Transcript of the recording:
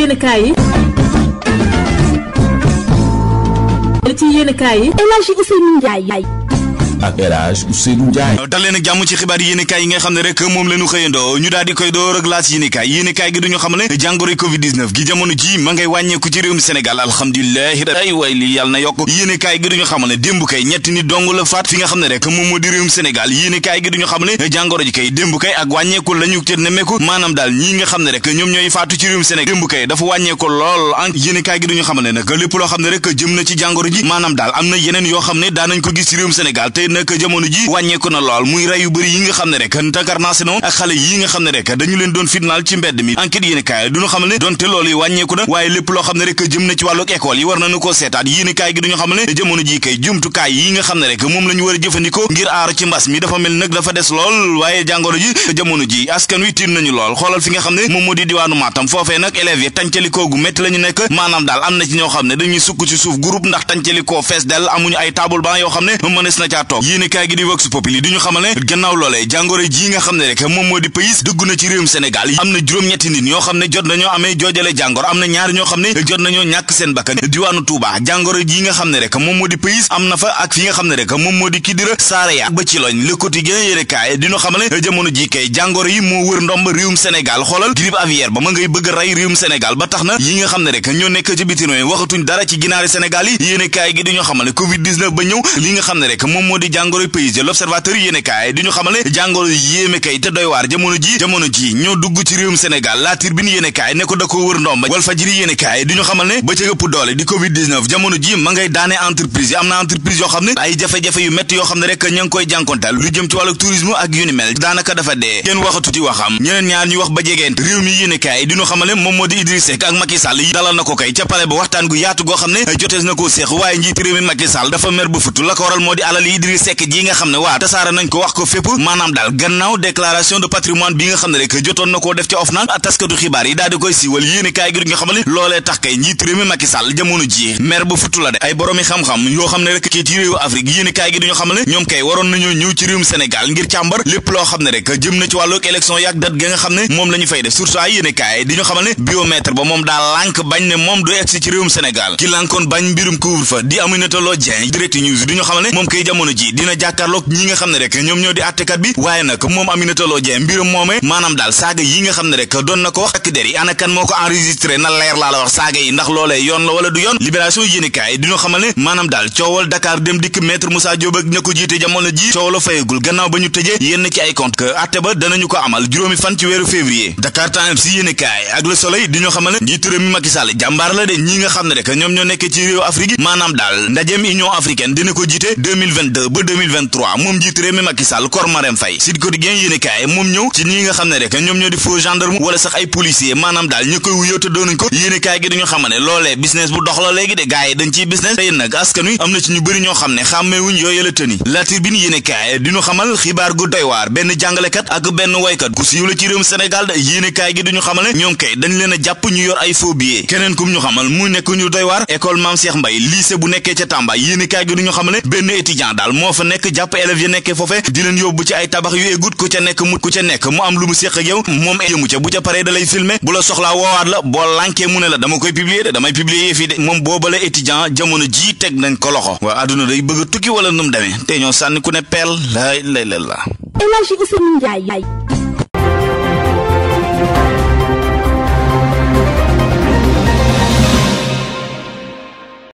yéenekaay yi. ci yéenekaay yi. El Hadji Ousseynou Ndiaye. ak El Hadj Ousseynou Ndiaye dal leen ak jàmm ci xibaar yi yéenekaay nga xam ne rek moom leenu xëyandoo ñu daal di koy door ak laas yéenekaay yéenekaay gi duñu xam ne na yokk yéenekaay gi duñu xam ne démb kay ñetti nit dong la nga xam ne rek moom moo di réewum Sénégal yéenekaay xam ne jàngoro ji kay démb kay ak wàññeeku maanaam daal nga xam ne rek ñoom ñooy faatu ci réewum Sénégal démb kay dafa wàññeeku lool an yéenekaay gi duñu xam ne nag lépp loo xam ne rek jëm na ci jàngoro ji maanaam daal am na yeneen yoo xam ne daanañ ko gis ci réewum Sénégal tey nag jamono ji wàññeeku na lool muy rey yu bëri yi nga xam ne rek Dakar naa si na woon ak xale yi nga xam ne rek dañu leen doon fitnaal ci mbedd mi enquête yéen kaay duñu xam ne donte loolu yi wàññeeku na waaye lépp loo xam ne rek jëm na ci wàlluk école yi war nañu koo seetaat yéen kaay gi duñu xam ne jamono ji kay jumtukaay yi nga xam ne rek moom la war a jëfandikoo ngir aaru ci mbas mi dafa mel nag dafa des lool waaye jàngoro ji askan wi nañu lool xoolal fi nga xam ne moom moo ko yéenekaay gi di Vox Populi di ñu xamal ne gannaaw loolee ji nga xam ne rek moom moo di pays dugg na ci réewum Sénégal am na juróom-ñetti nit ñoo xam ne jot nañoo ñaar ñoo xam ne jot nañoo ñàkk seen bakkan diwaanu Touba jàngoro ji nga xam ne rek moom moo di pays am na fa ak fi nga xam ne rek moom moo di Kidira Saraya ak ba ci loñ Le Quotidien yéenekaay di ñu xamal ne jamono ji kay jàngoro yi moo wër ndomb réewum Sénégal xoolal grippe aviaire ba ma ngay bëgg ba tax na yi nga xam ne rek ñoo nekk ci bitim waxatuñ dara ci ginaari Sénégal yi yéenekaay gi di ñu xamal ne Covid nga xam ne rek moom moo jàngoro payse l'observateur yéene kaay di ñu xamal ne jàngoro yéeme kay te doy waar jamono ji jamono ji ñoo dugg ci réewum Sénégal la Tribune yéene kaay ne ko da ko wër ndomba Walfadjri yéene kaay di ñu xamal ne ba ca ëpp doole di covid jamono ji ma ngay daane entreprise yi am na entreprise yoo xam ne ay jafe-jafe yu métti yoo xam ne rek ña ngi koy jànkontal lu jëm ci wàllu tourisme ak yu ni mel daanaka dafa dee kenn waxatu ci waxam ñeneen ñaar wax ba jegeent réew moom moo di Idriss Seck ak Macky Sall yi dalal na ko kay ca sekk ji nga xam ne waa tasaara nañ ko wax ko fépp maanaam daal gannaaw déclaration de patrimoine bi nga xam ne rek jotoon na koo def ca OFNAC taskatu xibaar yi daal koy siiwal yéene kaay gi xam yoo xam ne rek kii ci kaay gi duñu xam ne ñoom kay waroon nañoo ñëw ci loo xam ne rek jëm na ci wàllu ne moom la ñu fay def moom daa lànk bañ ne moom du egsi ci réewum Sénégal ki lànkoon bañ mbirum couvre-feu di Aminata Lo xamal ne moom kay jamono ji ji dina jàkkaarloog ñi nga xam ne rek ñoom ñoo di àttekat bi waaye nag moom Aminata Loo Dieng mbirum moome maanaam daal saaga yi nga xam ne rek doon na ko wax takk der yi ana moo ko enregistré na leer laa la wax saaga yi ndax loolee yoon la wala du yoon libération yéenekaay dina xamal ne maanaam daal coowal Dakar dem dikk maître Moussa Diop ak ña ko jiite jamono ji coow la gannaaw ba ñu tëjee yenn ci ay compte que àtte ba danañu ñu ko jiite ba 2023 moom njiitu réew mi Macky Sall kor Marème Faye Sud Quotidien yéenekaay moom ñëw ci ñi nga xam ne rek ñoom ñoo di faux gendarme wala sax ay policier maanaam daal ñu koy wuyoo te gi dañu xam ne loolee business bu dox la léegi de gaay dañ ciy business tey nag askan wi am na ci ñu bëri ñoo xam ne xàmmeewuñ yooyu la tëni latir bi yéenekaay diñu xamal xibaar gu doy benn jàngalekat ak benn waykat ku siiw la ci réewum Sénégal de yéenekaay gi duñu xamal ne ñoom kay dañ leen a ñu yor ay faux billets keneen xamal mu nekk ñu doy waar école Mame Cheikh bu nekkee ca Tamba yéenekaay gi duñu xamal ne benn moo fa nekk jàpp élèves yi nekkee foofe di yóbbu ci ay tabax yu égut ku ca nekk mu ku mu am lu mu séq ak yow moom yëmu ca bu ca paree da lay filmer bu la soxlaa woowaat la boo lànkee mu ne la dama koy publier de damay publier yëf yi de moom boobale étudiant jamono jii teg nañ ko loxo waa àdduna day bëgg a tukki wala nu mu demee te ñoo sànni ku ne peel laay lay la